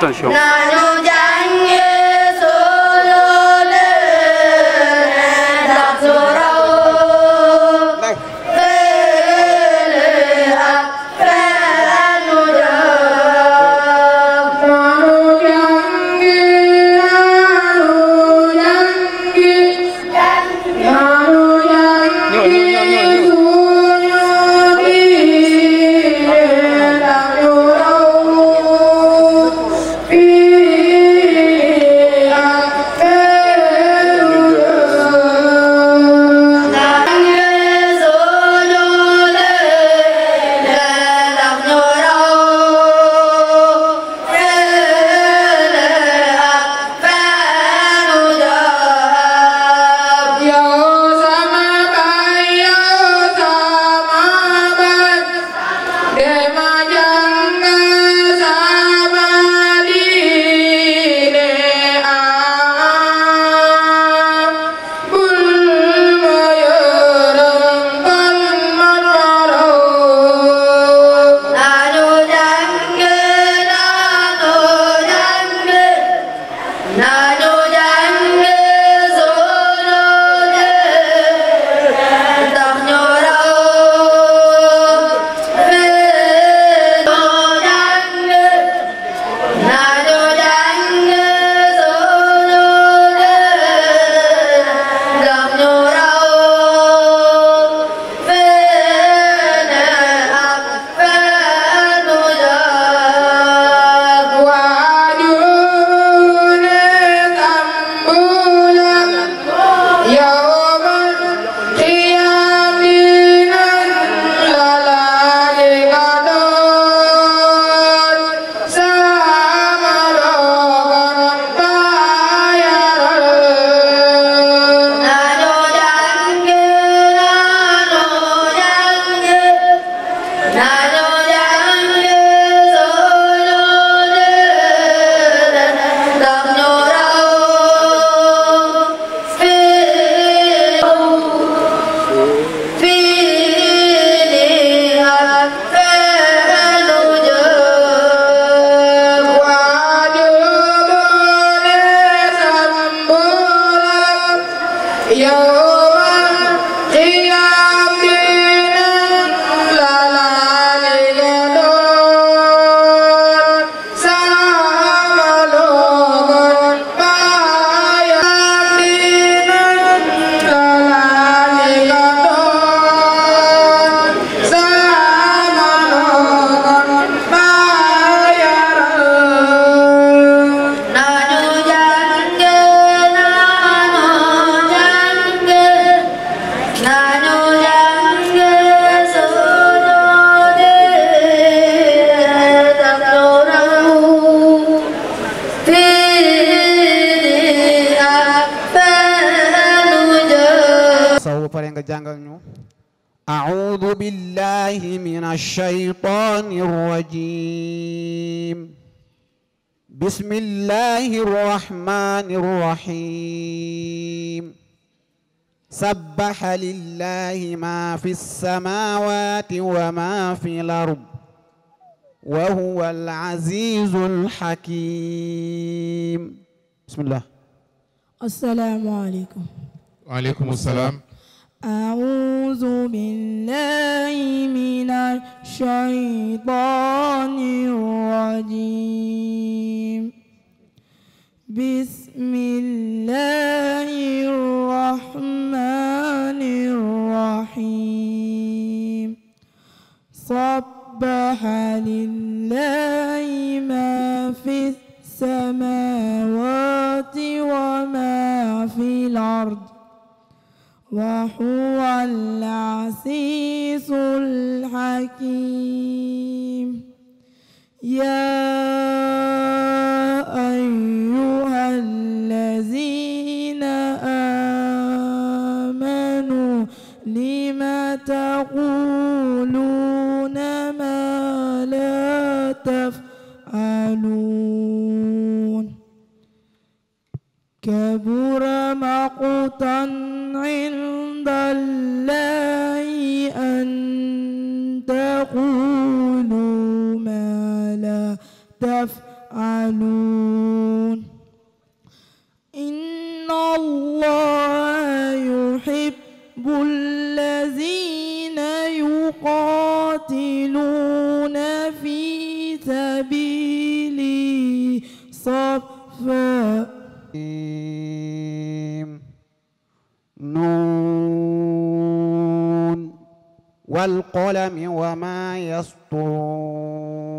attention. أصبح لله ما في السماوات وما في الأرض وهو العزيز الحكيم بسم الله السلام عليكم وعليكم السلام أعوذ بالله من الشيطان الرجيم بسم الله الرحمن الرحيم صبح لله ما في السماوات وما في الأرض وهو العزيز الحكيم يا أيها الذين آمنوا لم تقولون ما لا تفعلون كبر مقتا عند الله أن تقول تفعلون إن الله يحب الذين يقاتلون في سبيله صفا نون والقلم وما يسطرون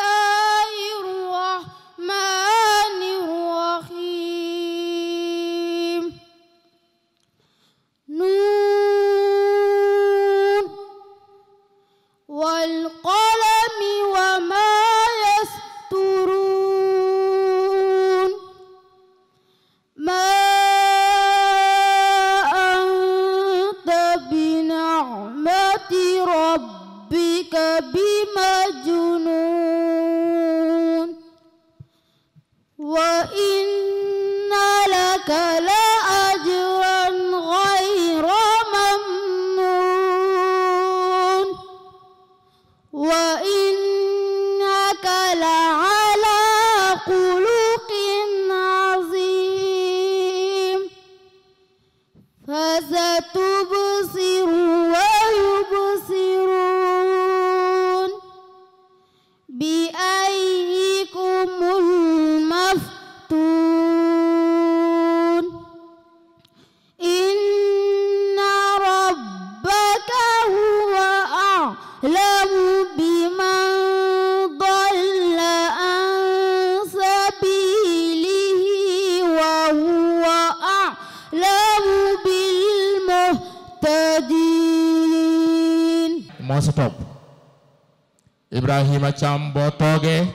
Ibrahima Thiam boo toogee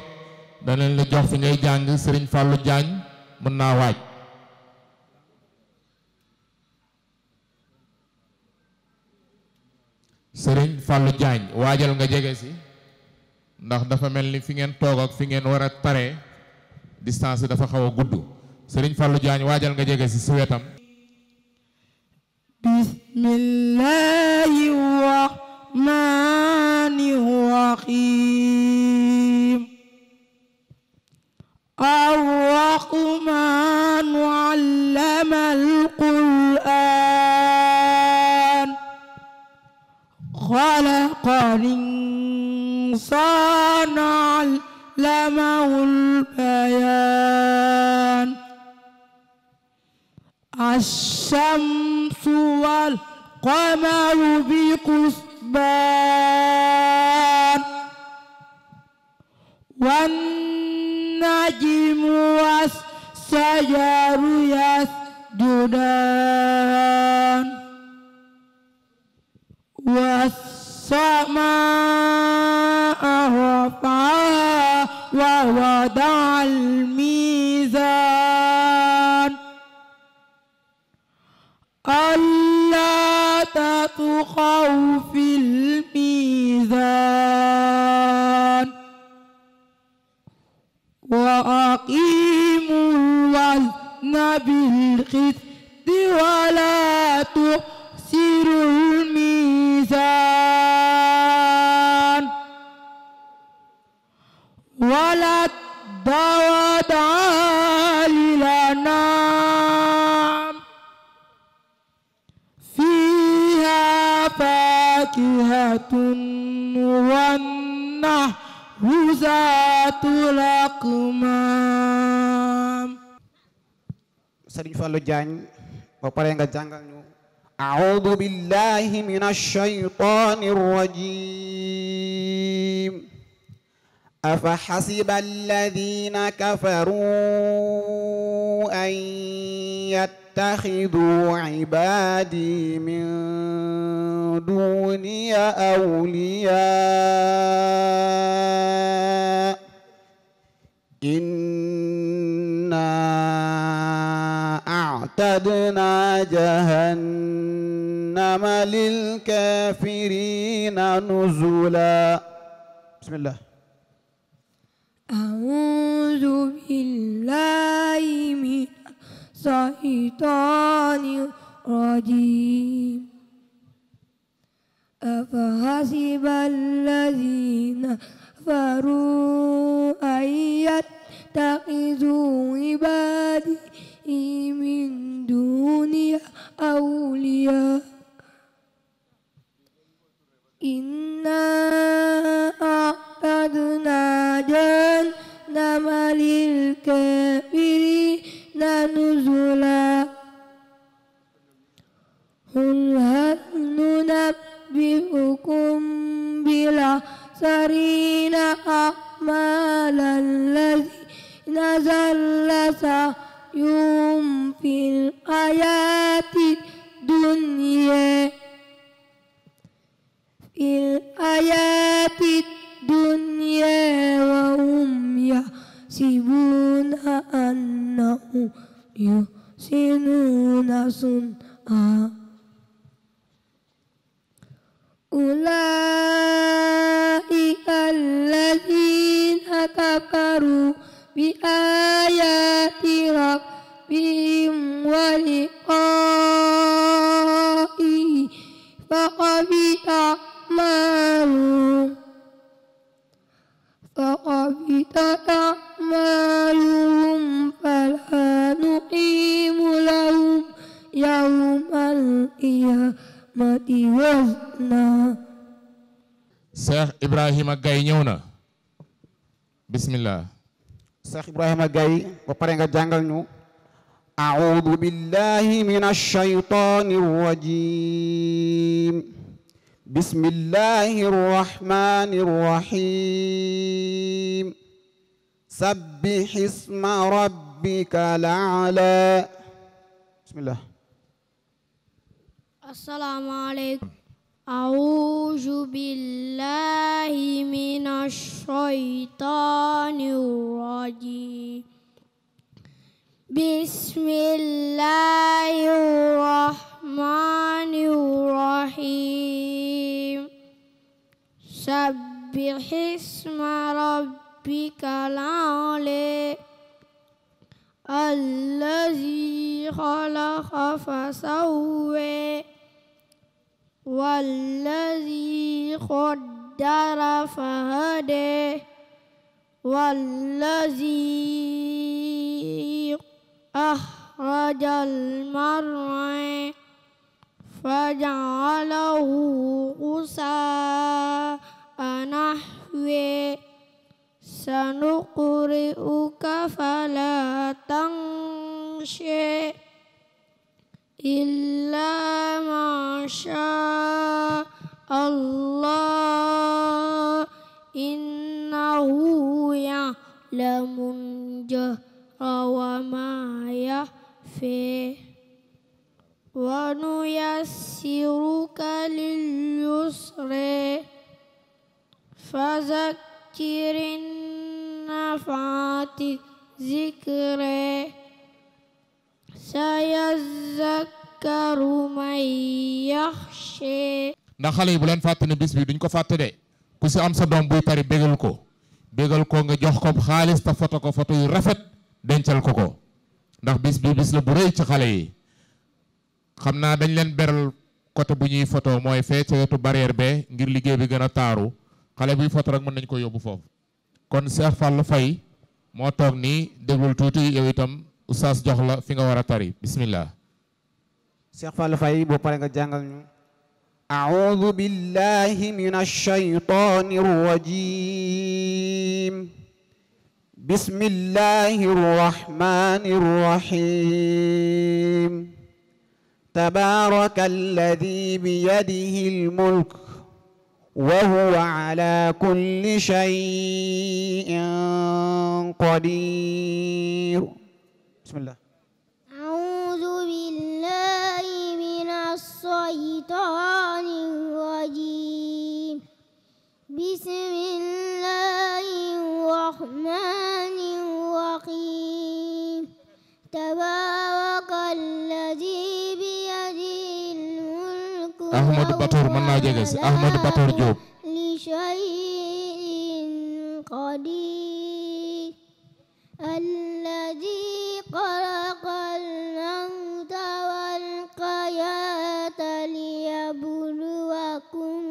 danañ la jox fi ngay jàng Serigne Fallou Diagne mën naa waaj Serigne Fallou Diagne waajal nga jege si ndax dafa mel ni fi ngeen toog ak fi ngeen war a tare distance dafa xaw a gudd sëriñ Fallou Diagne waajal nga jege si si wetam Diagne ba pare nga jàngal ñu أعوذ بالله من الشيطان الرجيم أفحسب الذين كفروا أن يتخذوا عبادي من دوني أولياء أعتدنا جهنم للكافرين نزلا بسم الله أعوذ بالله من الشيطان الرجيم أفحسب الذين كفروا أن يتخذوا عبادي من دوني أولياء إنا أعتدنا جهنم للكافرين نزلا قل هل ننبئكم بالأخسرين أعمالا الذين زل سعيهم يوم في الحياة الدنيا في الحياة الدنيا وهم يحسبون أنهم يحسنون صنعا أولئك الذين كفروا بآيات ربهم ولقائه فقبل أعمالهم فقبل أعمالهم فلا نقيم لهم يوم القيامة وزنا Cheikh Ibrahima Gaye ñëw na bismillah Cheikh Ibrahima Gaye ba pare nga jàngal ñu a'uudu billahi minash shaytaanir rajiim bismillahir rahmanir rahim sabbih isma rabbikal a'laa bismillah assalaamu alaykum أعوذ بالله من الشيطان الرجيم بسم الله الرحمن الرحيم سبح اسم ربك العلي الذي خلق فسوي والذي قدر فهدى والذي أخرج المرعى فجعله غثاء نحوه سنقرئك فلا تنشئ إلا ما شاء الله إنه يعلم الجهر وما يخفي ونيسرك لليسر فذكر النفعة ذكري sayazakkaru man yaxsha ndax xale yi bu leen fàtte na bis bi duñ ko fàtte de ku si am sa doom buy tari bégal ko bégal ko nga jox ko xaalis te foto ko foto yu rafet dencal ko ko ndax bis bi bis la bu rëy ci xale yi xam naa dañ leen beral côté bu ñuy photo mooy fee ca wetu barrière be ngir liggéey bi gën a taaru xale buy photo rek mën nañ ko yóbbu foofu kon Cheikh Fall Faye moo toog nii déglul tuuti yow itam oustaz jox la fi nga war a tari bismillah Cheikh Fallou Faye boo pare nga jàngal ñu أعوذ بالله من الشيطان الرجيم بسم الله الرحمن الرحيم تبارك الذي بيده الملك وهو على كل شيء قدير bismillah a'udhu billahi minash shaytanir rajim bismillahir rahmanir rahim tabaarakalladhi bi yadihil mulku Ahmad Batoor mën naa jege si Ahmad Batoor Diop li shay'in qadir الذي خلق الموت والحياة ليبلوكم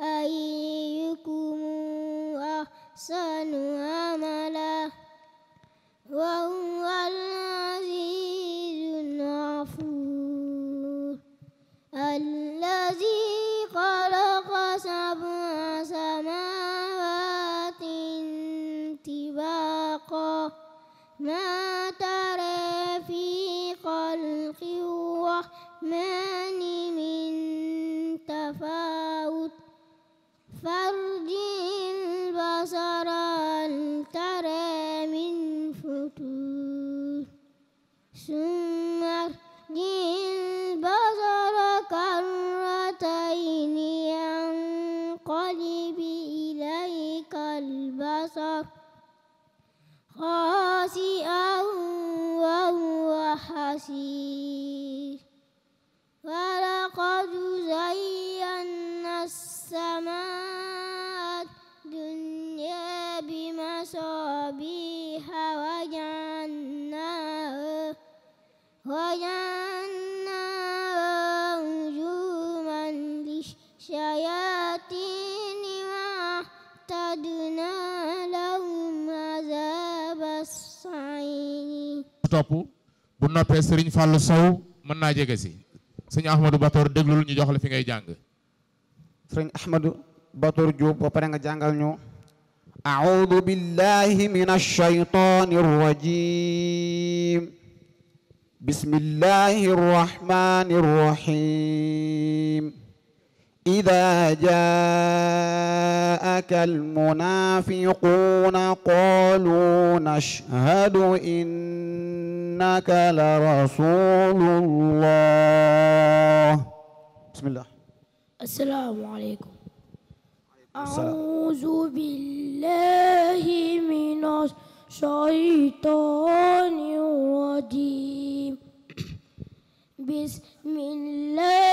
أيكم أحسن عملا وهو topp bu noppee Serigne Fallou Sow mën naa jege si sëñ Ahmadou Batoor déglul ñu jox la fi ngay jàng sëriñ Ahmadou Batoor Diop ba pare nga jàngal ñu أعوذ بالله من الشيطان الرجيم بسم الله الرحمن الرحيم إذا جاءك المنافقون قالوا نشهد إن إنك لرسول الله بسم الله السلام عليكم أعوذ بالله من الشيطان الرجيم بسم الله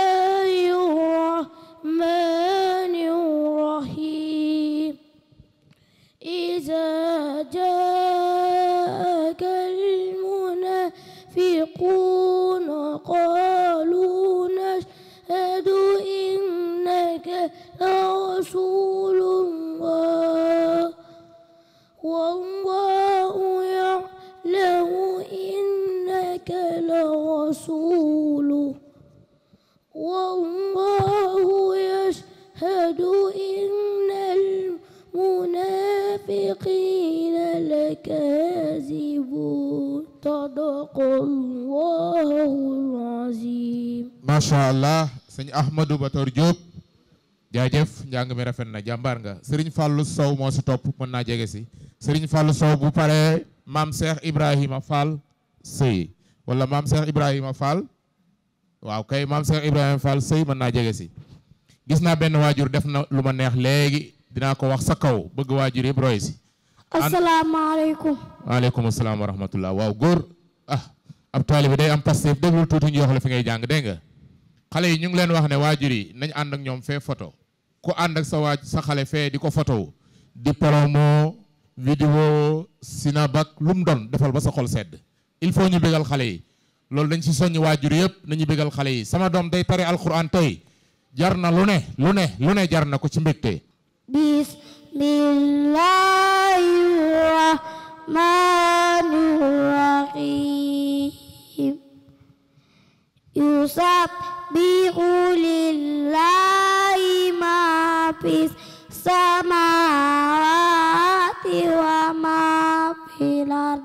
Ahmadou Bator Diop jaajëf njàng mi rafet na jàmbar nga sëriñ Fallou Sow moo si topp mën naa jege si Serigne Fallou Sow bu paree maam Cheikh Ibrahima Fall sëy wala maam Cheikh Ibrahima Fall waaw kay maam Cheikh Ibrahima Fall sëy mën naa jege si gis naa benn waajur def na lu ma neex léegi dinaa ko wax sa kaw bëgg waajur yëpp roy si. asalaamaaleykum. waaleykum salaam wa rahmatullah waaw góor ah ab taalibe day am passé déglu tuuti ñu fi ngay jàng dégg nga. xale yi ñu ngi leen wax ne waajur yi nañu ànd ak ñoom fee photo ku ànd ak sa waaj sa xale fee di ko foto di promo vidéo sinabak lu mu doon defal ba sa xol sedd il faut ñu bégal xale yi loolu dañ ci soññ waajur yëpp nañu bégal xale yi sama doom day tare alquran tey jar na lu ne lu ne lu ne jar na ko ci mbégte bismillahi يسبح لله ما في السماوات وما في الأرض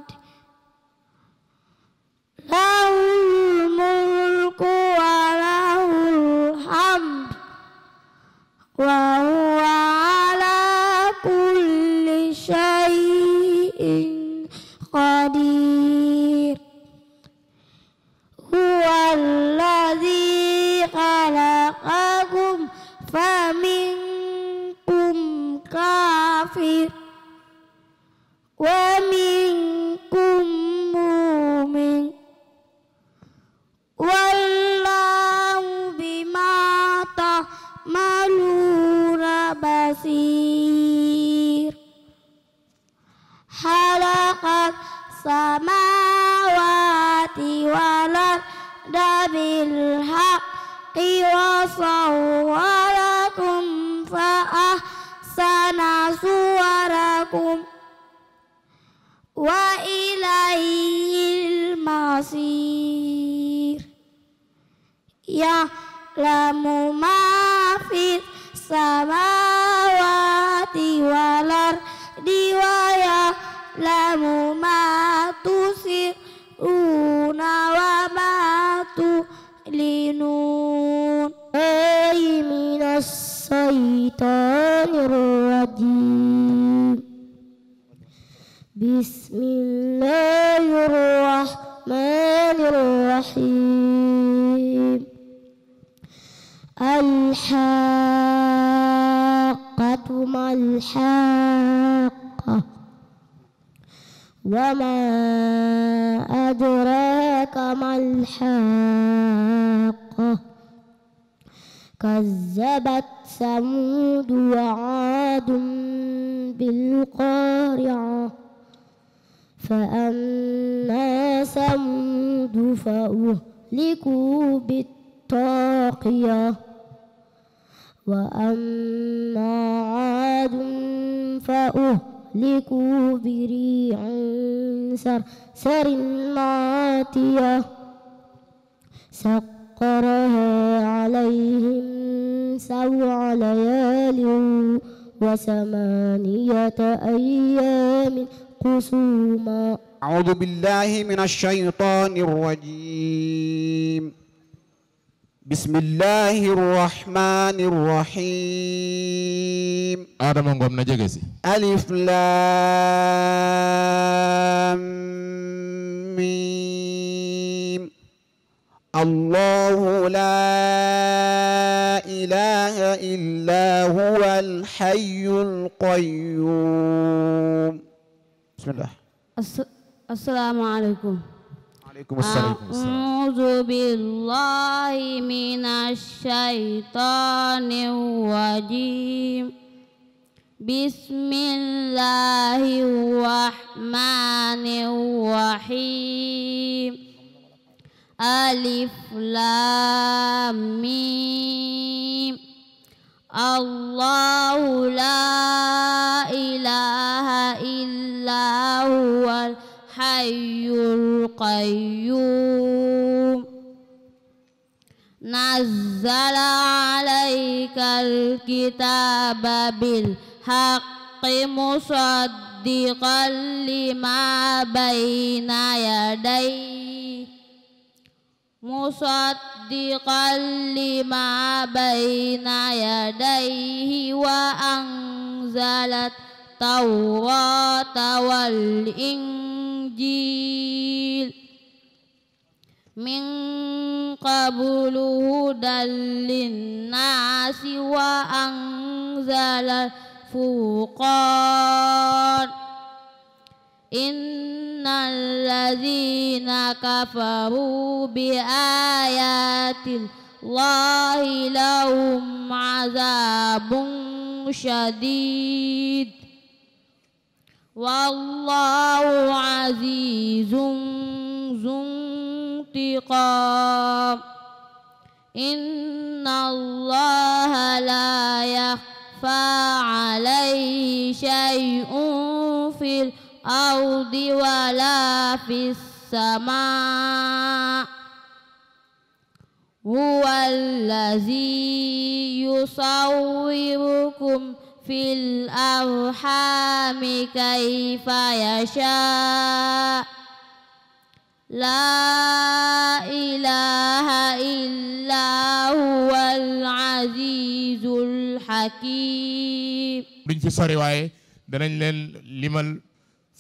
قارعة فأما ثمود فأهلكوا بالطاغية وأما عاد فأهلكوا بريع صرصر عاتية سقرها عليهم سبع ليال وثمانية أيام قسوما أعوذ بالله من الشيطان الرجيم بسم الله الرحمن الرحيم آدم غوم نجيغسي ألف لام ميم الله لا إله إلا هو الحي القيوم بسم الله السلام عليكم عليكم السلام أعوذ بالله من الشيطان الرجيم بسم الله الرحمن الرحيم alif lam mim Allahu la ilaha illa huwal hayyul qayyum nazzala alaykal kitaba bil haqqi musaddiqan lima bayna yadayhi مصدقا لما بين يديه وأنزل التوراة والإنجيل من قبل هدى للناس وأنزل الفرقان إن الذين كفروا بآيات الله لهم عذاب شديد والله عزيز ذو انتقام إن الله لا يخفى عليه شيء في الأرض الأرض ولا في السماء هو الذي يصوركم في الأرحام كيف يشاء لا إله إلا هو العزيز الحكيم duñ ci sori waaye danañ leen limal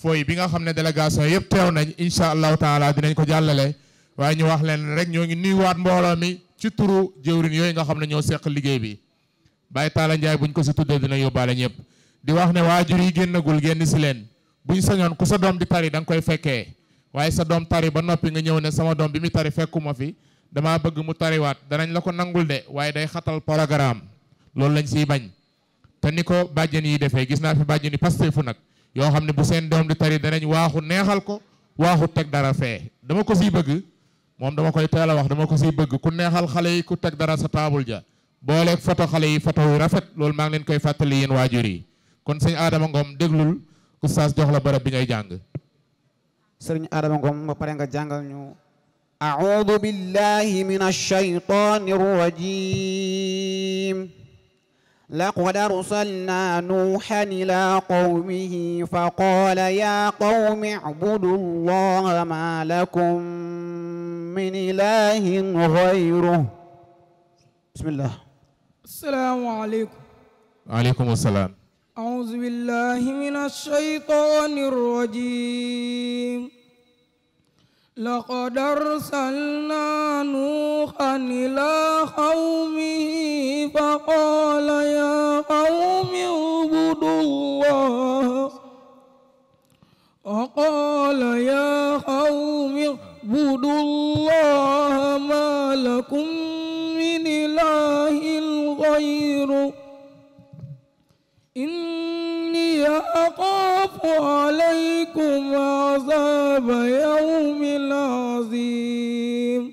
fooy bi nga xam ne délégation yëpp teew nañ incha allahu taala dinañ ko jàllale waaye ñu wax leen rek ñoo ngi nuyuwaat mbooloo mi ci turu jëwrin yooyu nga xam ne ñoo seq liggéey bi Baye Talla Ndiaye buñ ko si tuddee dina yóbbaale ñëpp di wax ne waajur yi génnagul génn si leen buñ sañoon ku sa doom di tari da nga koy fekkee waaye sa doom tari ba noppi nga ñëw ne sama doom bi mu tari fekkuma fi damaa bëgg mu waat danañ la ko nangul de waaye day xatal programme loolu lañ siy bañ te ni ko bàjjen yi defee gis naa fi bàjjen yoo xam ne bu seen doom di tari danañ waaxu neexal ko waaxu teg dara fee dama ko siy bëgg moom dama koy teel a wax dama ko siy bëgg ku neexal xale yi ku teg dara sa taabul ja booleeg photo xale yi photo yu rafet loolu maa ngi leen koy fàttali yéen waajur yi kon sëñ Adama Ngom déglul oustaz jox la barab bi ngay jàng sëriñ Adama Ngom ba pare nga jàngal ñu أعوذ بالله من الشيطان الرجيم لقد أرسلنا نوحا إلى قومه فقال يا قوم اعبدوا الله ما لكم من إله غيره بسم الله السلام عليكم وعليكم السلام أعوذ بالله من الشيطان الرجيم لقد أرسلنا نوحا إلى قومه فقال يا قوم اعبدوا الله وقال يا قوم اعبدوا الله ما لكم من إله غيره أخاف عليكم عذاب يوم عظيم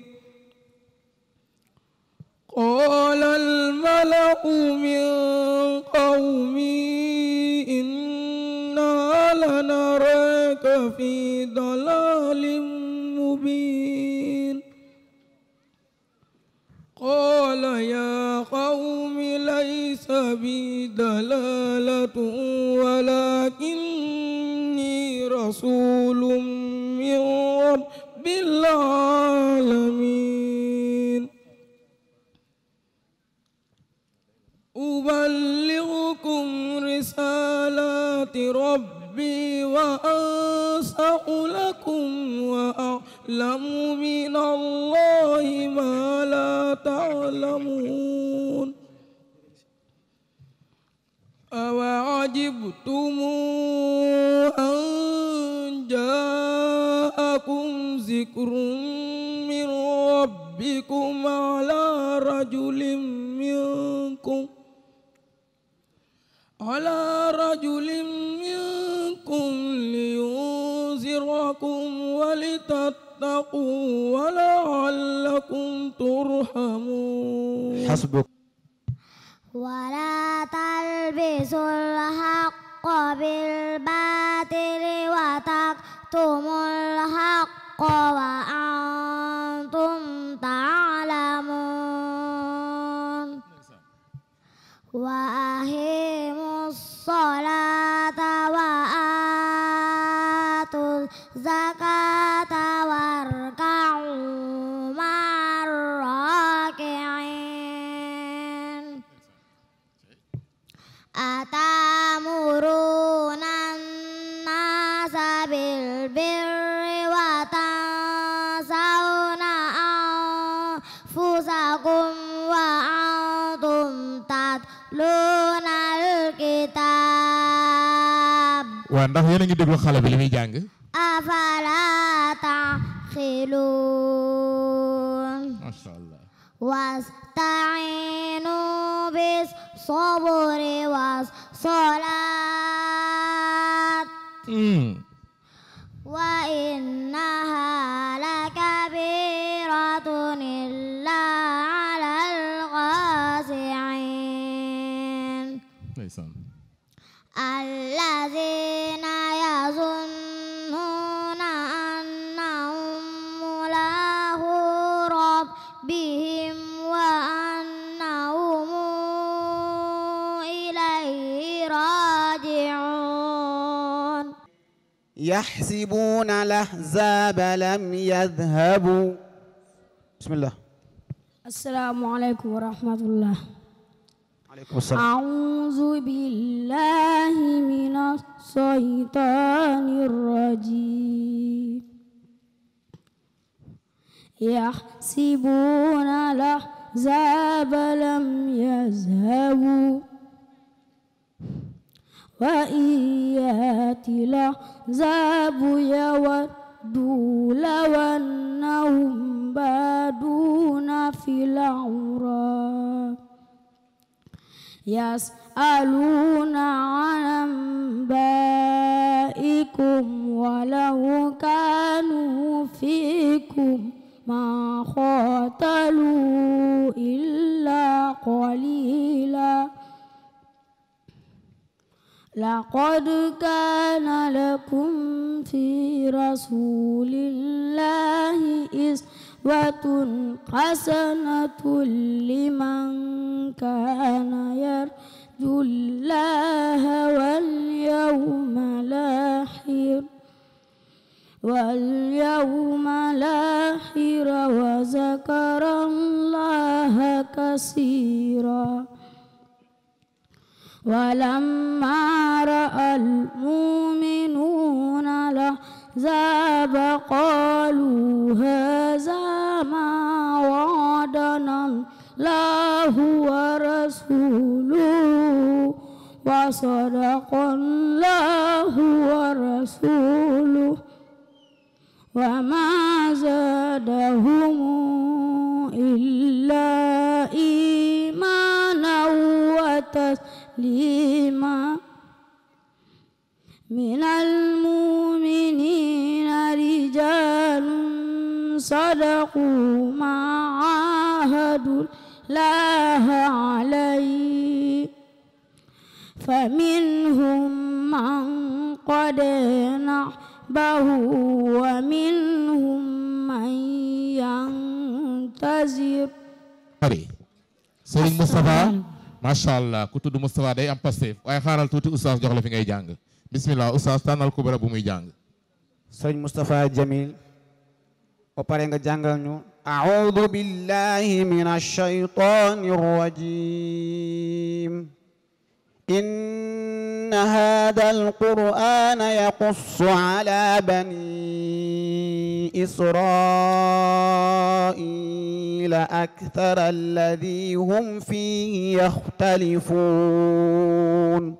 قال الملأ من قومي إنا لنراك في ضلال مبين قال يا قوم ليس بي دلالة ولكني رسول من رب العالمين أبلغكم رسالات ربي ربي وأنصح لكم وأعلم من الله ما لا تعلمون أوعجبتم أن جاءكم ذكر من ربكم على رجل منكم على رجل منكم يعظكم ولتتقوا ولعلكم ترحمون حسبك ولا تلبسوا الحق بالباطل وتكتموا الحق وأنتم تعلمون waaw ndax yéen a ngi déglu xale bi li muy jàng. afala taxiluun. macha allah. wastainu bis sobori was sola يحسبون الأحزاب لم يذهبوا بسم الله السلام عليكم ورحمة الله عليكم السلام أعوذ بالله من الشيطان الرجيم يحسبون الأحزاب لم يذهبوا وإيات الأحزاب يودوا لو أنهم بادون في الأعراب يسألون عن أنبائكم ولو كانوا فيكم ما قاتلوا إلا قليلاً لقد كان لكم في رسول الله أسوة حسنة لمن كان يرجو الله واليوم الآخر واليوم الآخر وذكر الله كثيرا ولما رأى المؤمنون الأحزاب قالوا هذا ما وعدنا الله ورسوله وصدق الله ورسوله وما زادهم تسليما من المؤمنين رجال صدقوا ما عاهدوا الله عليه فمنهم من قد نعبه ومنهم من ينتظر Sëriñ Moustapha macha allah ku tudd Moustapha day am Pastef waaye xaaral tuuti oustaz jox la fi ngay jàng bismillah oustaz tànnal ko bara bu muy jàng sëñ Moustapha Jamil ba pare nga jàngal ñu a'udhu billahi minash shaytanir rajim إن هذا القرآن يقص على بني إسرائيل أكثر الذي هم فيه يختلفون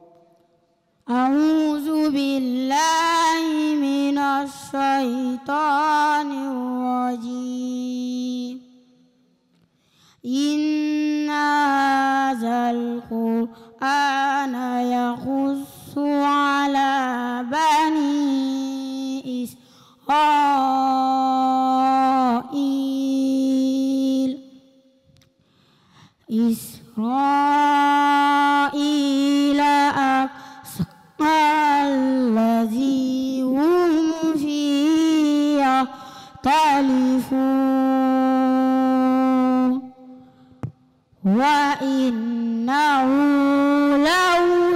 أعوذ بالله من الشيطان الرجيم إن هذا القرآن القرآن يقص على بني إسرائيل إسرائيل أقصى الذي هم فيه يختلفون وإنه لهو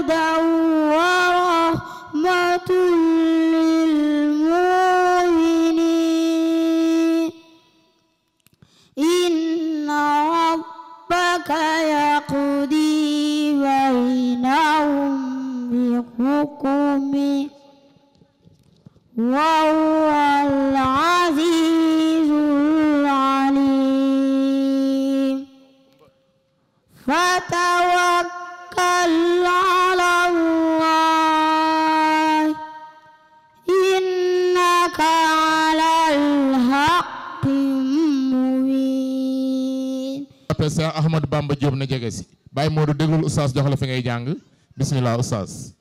na jege si Baye Modou déglul oustaz jox la fi ngay jàng bisimilah oustaz.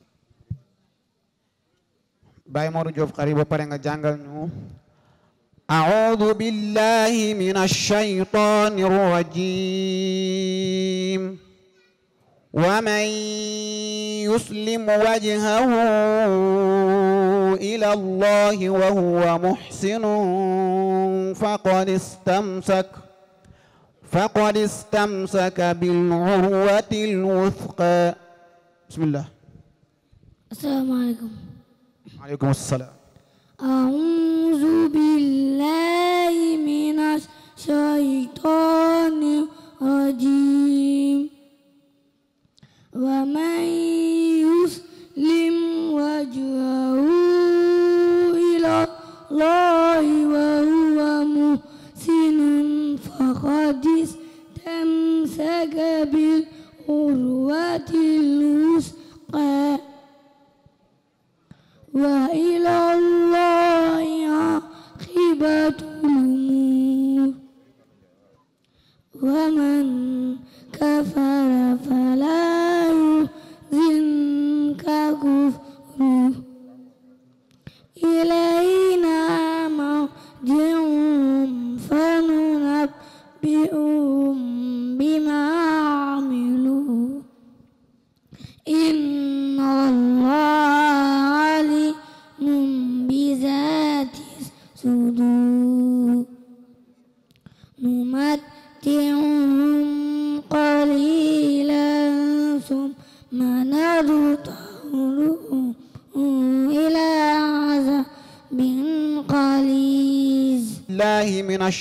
Baye Modou Diop xari ba pare nga jàngal ñu. أعوذ بالله من الشيطان الرجيم ومن يسلم وجهه إلى الله وهو محسن فقد استمسك faqad istamsaka bil urwatil wuthqa bismillah asalaamaaleykum waaleykum asalaam a'uuzu billahi minash shaytaani rajiim wa man yuslim wajhahu ila Allahi wa huwa muhsin قد استمسك بالعروة الوثقى وإلى الله عاقبة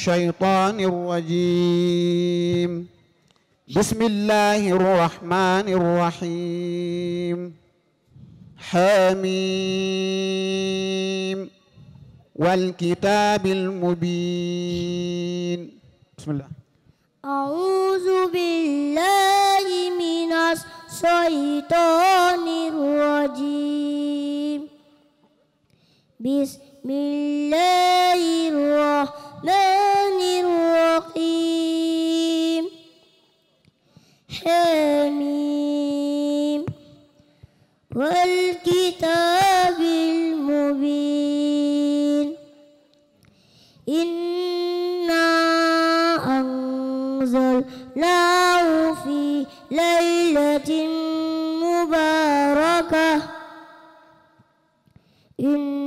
الشيطان الرجيم بسم الله الرحمن الرحيم حميم والكتاب المبين بسم الله أعوذ بالله من الشيطان الرجيم بسم الله الرحمن الرحمن الرحيم حميم والكتاب المبين إنا أنزلناه في ليلة مباركة إن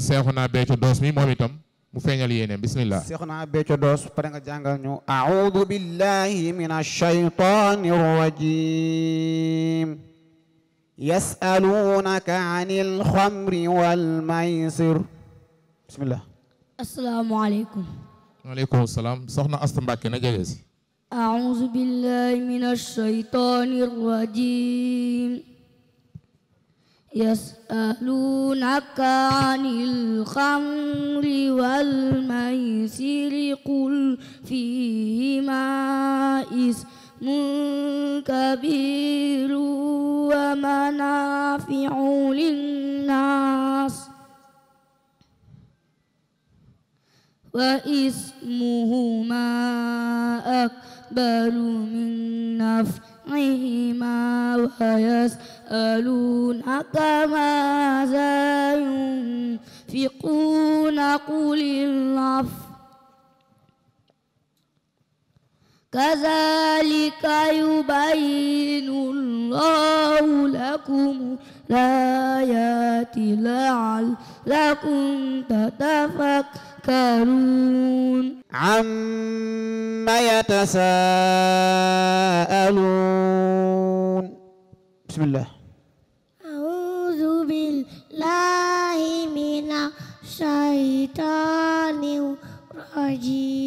soxna Seexuna Béthio Doos mi moom itam mu feeñal yéeneem bismillah Seexuna Béthio Doos pare nga jàngal ñu a'udhu billahi minash shaytanir rajim yas'alunaka 'anil khamri wal maisir bismillah assalamu alaykum waaleykum salaam soxna Asta Mbàkke na jege si a'udhu billahi minash shaytanir rajim يسألونك عن الخمر والميسر قل فيهما إثم كبير ومنافع للناس وإثمهما أكبر من نفعهما بجمعهما ويسألونك ماذا ينفقون قل العفو كذلك يبين الله لكم الآيات لعلكم تتفكرون تذكرون عم يتساءلون بسم الله أعوذ بالله من الشيطان الرجيم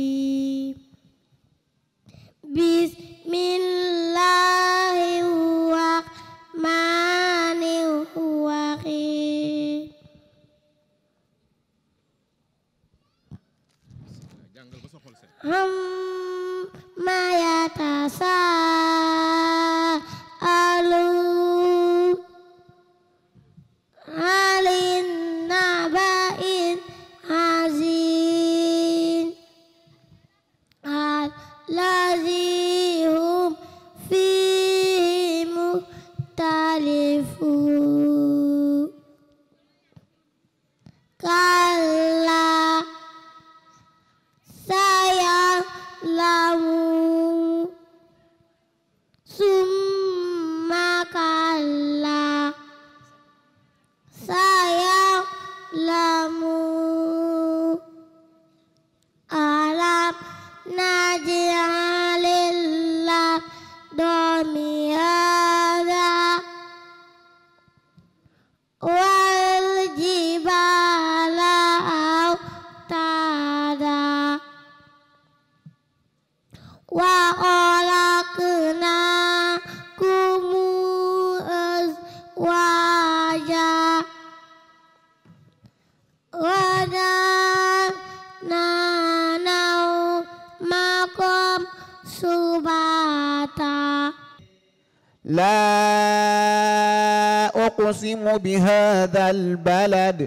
أعلم بهذا البلد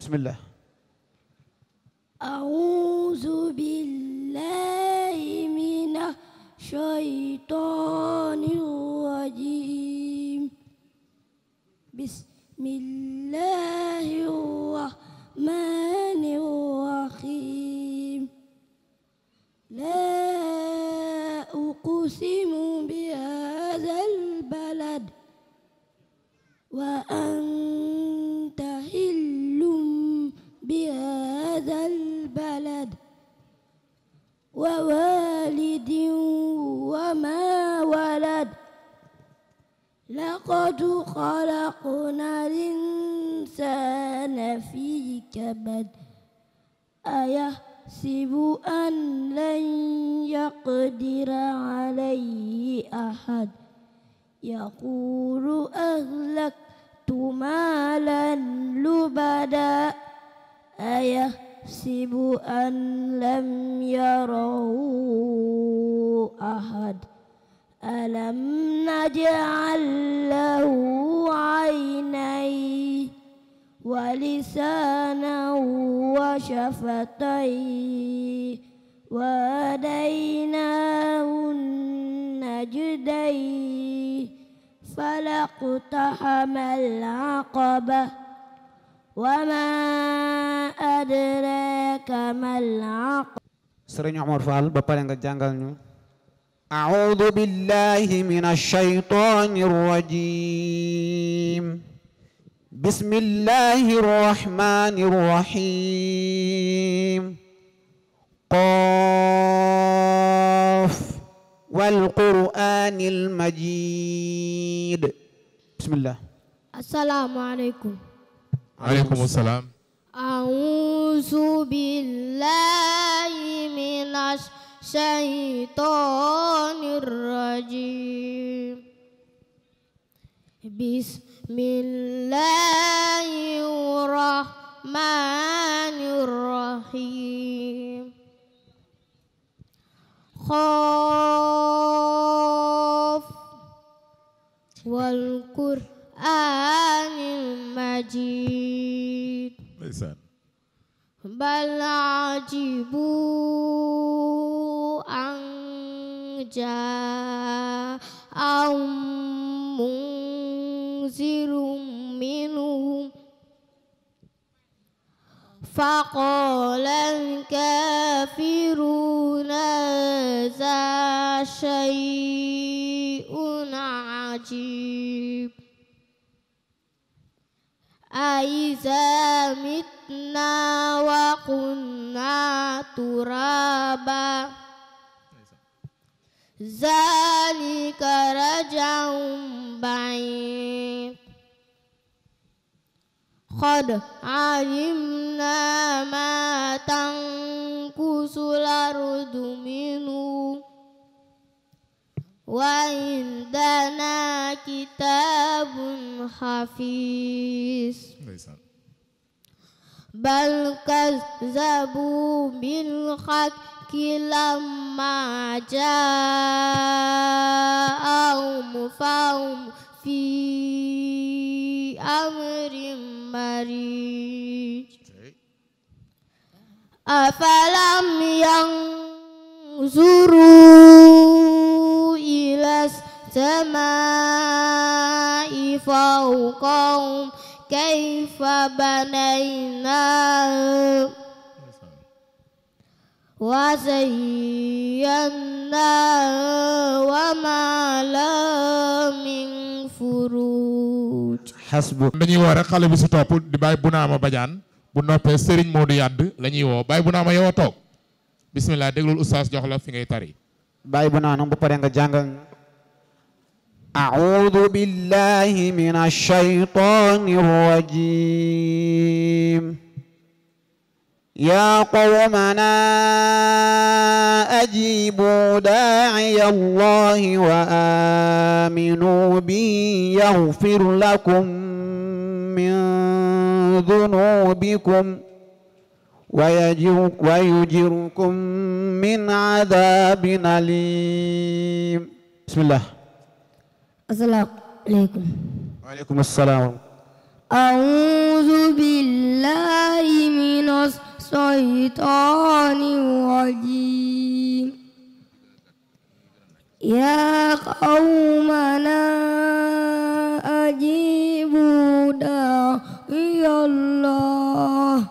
بسم الله أعوذ بالله من الشيطان الرجيم بسم الله الرحمن الرحيم لا أقسم لقد خلقنا الإنسان في كبد أيحسب أن لن يقدر عليه أحد يقول أهلكت مالا لبدا أيحسب أن لم يره أحد ألم نجعل له عينيه ولسانا وشفتيه وهديناه النجدين فلا اقتحم العقبة وما أدراك ما العقبة Sëriñ Omar Fall ba pare nga jàngal ñu أعوذ بالله من الشيطان الرجيم بسم الله الرحمن الرحيم قاف والقرآن المجيد بسم الله السلام عليكم عليكم السلام أعوذ بالله من الشيطان الشيطان الرجيم بسم الله الرحمن الرحيم خاف والقرآن المجيد بل عجبوا جاء أو منذر منهم فقال الكافرون هذا شيء عجيب أإذا متنا وكنا ترابا ذلك رجع بعيد قد علمنا ما تنقص الأرض منه وعندنا كتاب حفيظ بل كذبوا بالحق لما جاءهم فهم في أمر مريج أفلم ينظروا إلى السماء فوقهم كيف بنيناها وزيناه وما له من فروج حسبك dañuy woo rek xale bi si topp di bàyyi Bunaama Badiane bu noppee Serigne Modou Yàdd la ñuy woo bàyyi Bunaama yow a toog bismillah déglul oustaz jox fi ngay tari bàyyi Bunaama bu paree nga jàngal أعوذ بالله من الشيطان الرجيم يا قومنا أجيبوا داعي الله وآمنوا به يغفر لكم من ذنوبكم ويجركم من عذاب أليم بسم الله السلام عليكم وعليكم السلام أعوذ بالله من الشيطان الشيطان الرجيم يا قومنا أجيبوا داعي الله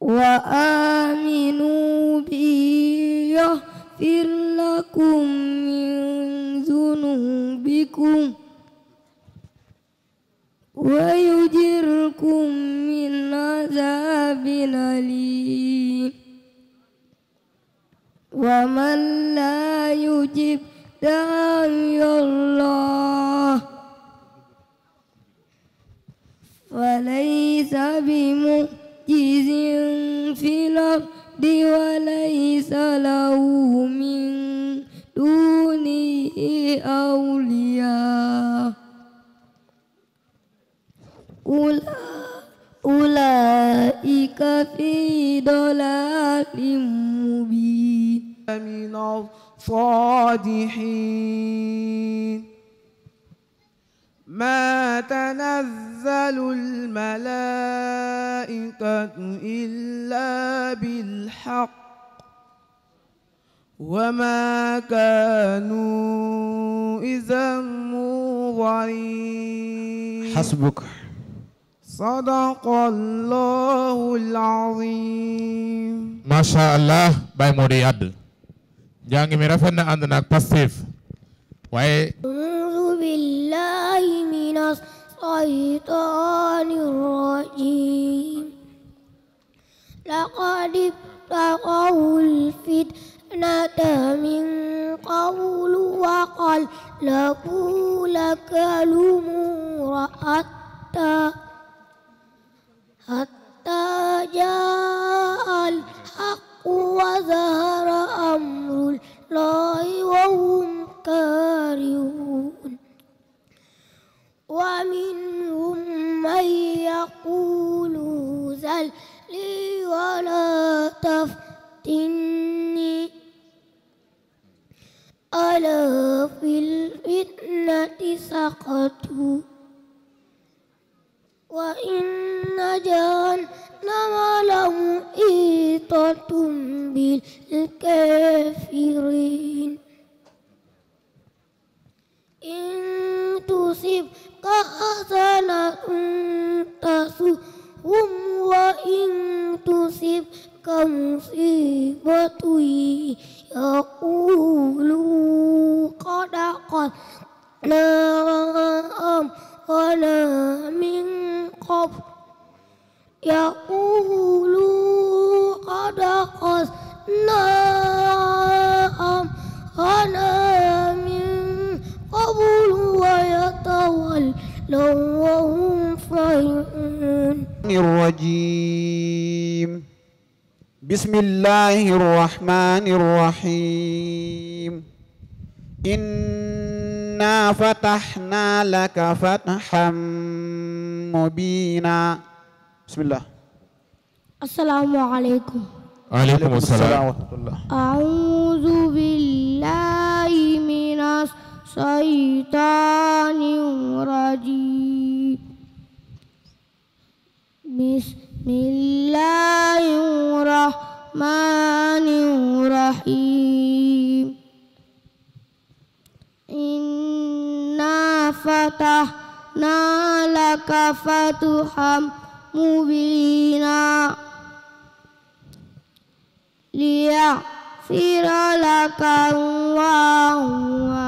وآمنوا به يغفر لكم من ذنوبكم ويجركم من عذاب أليم ومن لا يجب داعي الله فليس بمعجز في الأرض وليس له من دونه أولياء أولئك في ضلال مبين من الصادحين ما تنزل الملائكة إلا بالحق وما كانوا إذا منظرين حسبك sadaqallahul azim macha allah Baye moo di àdd jàng mi rafet na ànd na ak pastif waaye a'uudu billahi minas shaytaanir rajiim laqad ibtaghawul fitnata min qablu wa qallabu lakumul umura hatta حتى جاء الحق وظهر أمر الله وهم كارهون ومنهم من يقول ذل لي ولا تفتني ألا في الفتنة سقطوا وإن جهنم لمحيطة بالكافرين إن تصبك حسنة تسؤهم وإن تصبك مصيبة يقولوا قد قد نعم ولا من قب يقولوا قد قصنا أمرنا من قبل ويتولون وهم فرحون الرجيم بسم الله الرحمن الرحيم إن إنا فتحنا لك فتحا مبينا بسم الله السلام عليكم وعليكم السلام ورحمة الله أعوذ بالله من الشيطان الرجيم بسم الله الرحمن الرحيم inna fatahna laka fatuham mubina liyaghfira laka Allahu ma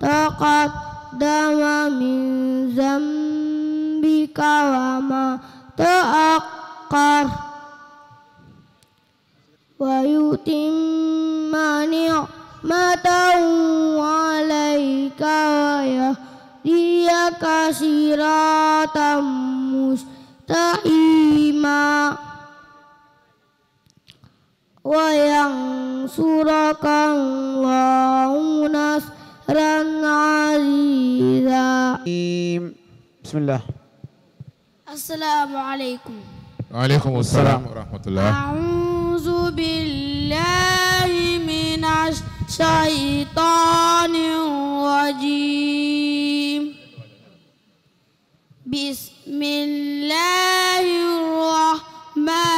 taqaddama min dhanbika wa ma ta'akhkhar wa yutimma ni'matahu رحمة عليك ويهديك صراطا مستقيما وينصرك الله نصرا عزيزا بسم الله السلام عليكم وعليكم السلام ورحمة الله أعوذ بالله من الشيطان الشيطان الرجيم بسم الله الرحمن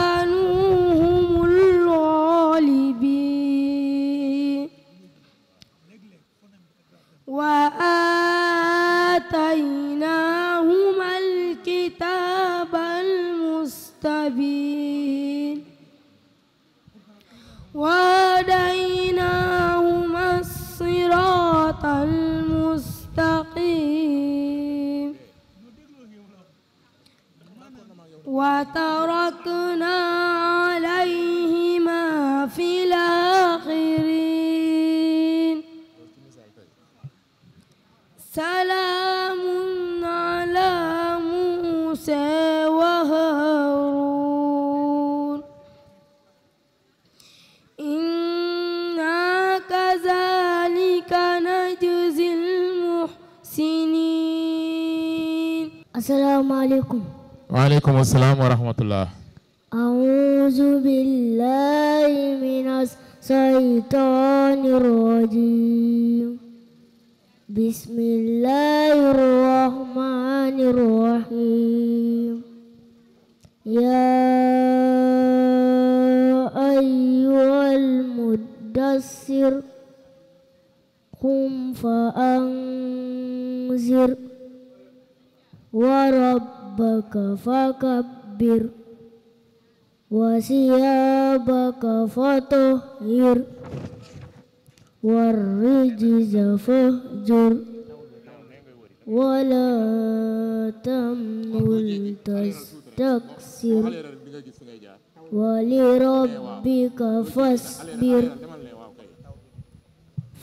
asalaamaaleykum. waaleykum salaam wa rahmatullah. أعوذ بالله من الشيطان الرجيم بسم الله الرحمن الرحيم يا أيها المدثر قم فأنذر ورب ربك فكبر وثيابك فطهر والرجز فاهجر ولا تمنن تستكثر ولربك فاصبر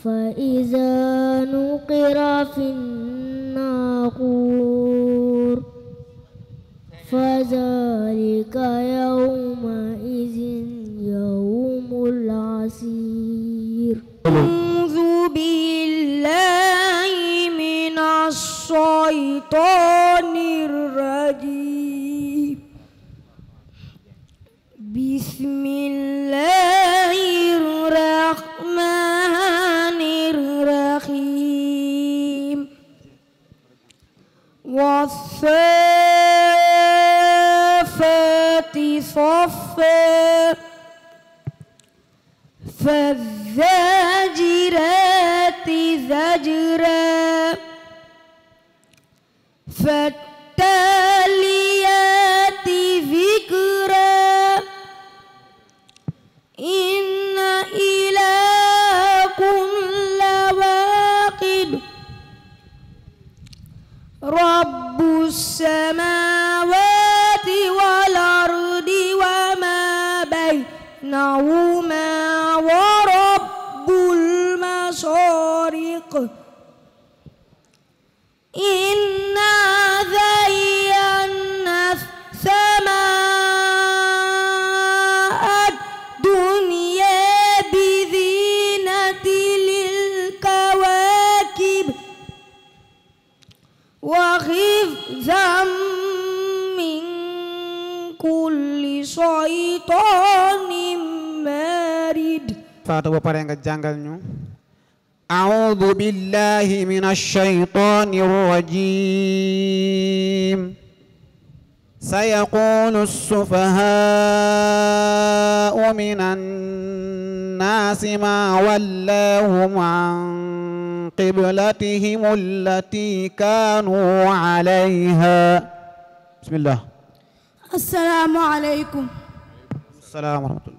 فإذا نقر في الناقور فذلك يومئذ يوم العسير أعوذ بالله من الشيطان الرجيم بسم الله الرحمن الرحيم والصلاة صفا فالزاجرات زجرا فالتاليات ذكرا إن إلهكم لواقد رب السماوات ربهما ورب المشارق إن faatu ba pare nga jàngal ñu أعوذ بالله من الشيطان الرجيم سيقول السفهاء من الناس ما ولاهم عن قبلتهم التي كانوا عليها بسم الله السلام عليكم السلام ورحمة الله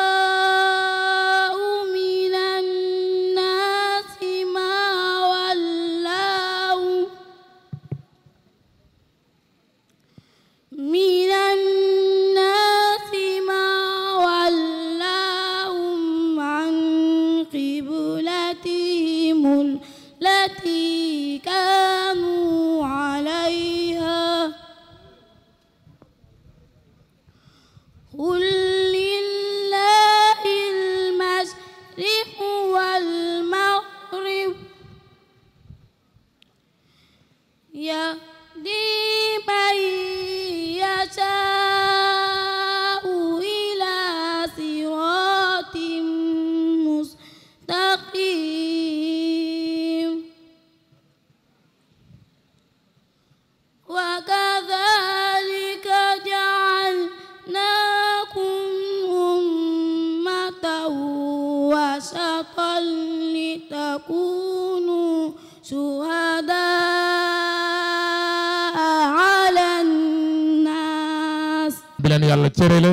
yàlla cërale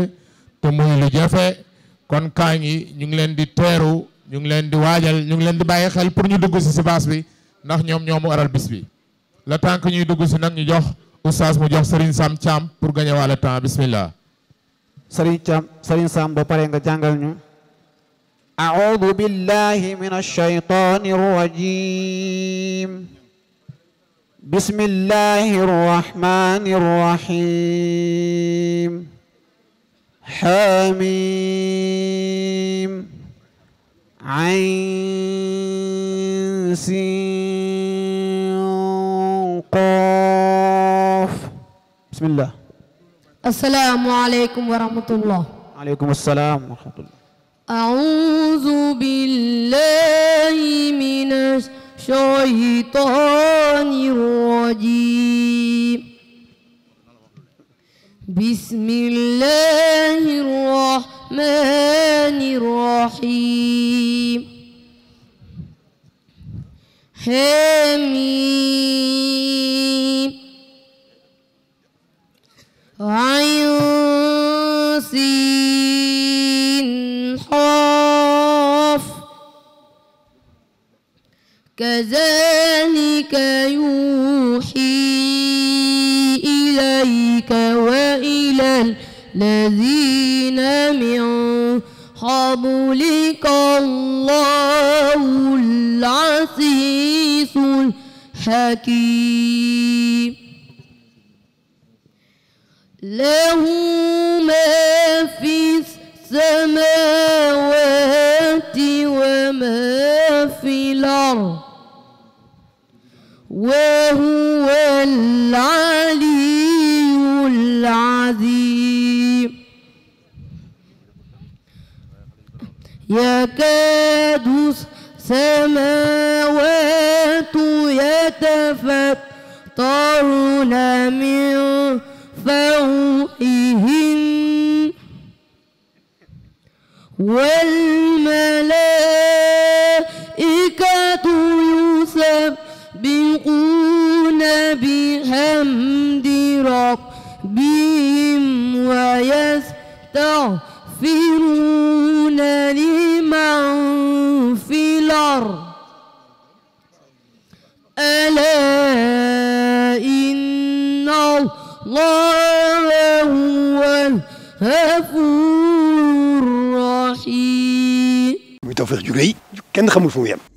te muy lu ñu ngi leen di teeru ñu leen di waajal ñu leen di bàyyi xel pour ñu dugg si si baas bi ndax ñoom ñoomu aral bi le temps que ñuy si nag ñu jox oustaz mu jox Serigne Sam Thiam pour gagner waale temps bismillah Serigne Thiam Serigne Sam boo paree nga jàngal ñu أعوذ بالله من الشيطان الرجيم بسم الله الرحمن الرحيم حميم عين سين قاف بسم الله السلام عليكم ورحمة الله عليكم السلام ورحمة الله أعوذ بالله من الشيطان الرجيم بسم الله الرحمن الرحيم حميم عين سين قاف كذلك يوحي إليك وإلى الذين من قبلك الله العزيز الحكيم له ما في السماوات وما في الأرض وهو العليم العظيم يكاد السماوات يتفطرن من فوقهن والملائكة يسبحون بحمد ربهم ويستغفرون لمن في الأرض ألا إن الله هو الغفور الرحيم muy Tawfekh jugee yi kenn xamul fu mu yem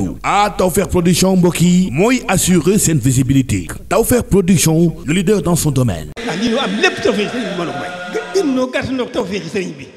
teewlu ah Tawfekh production mbokk yi mooy assurer seen visibilité Tawfekh production le leader dans son domaine. ah lii am lépp Tawfekh sëriñ bi bi.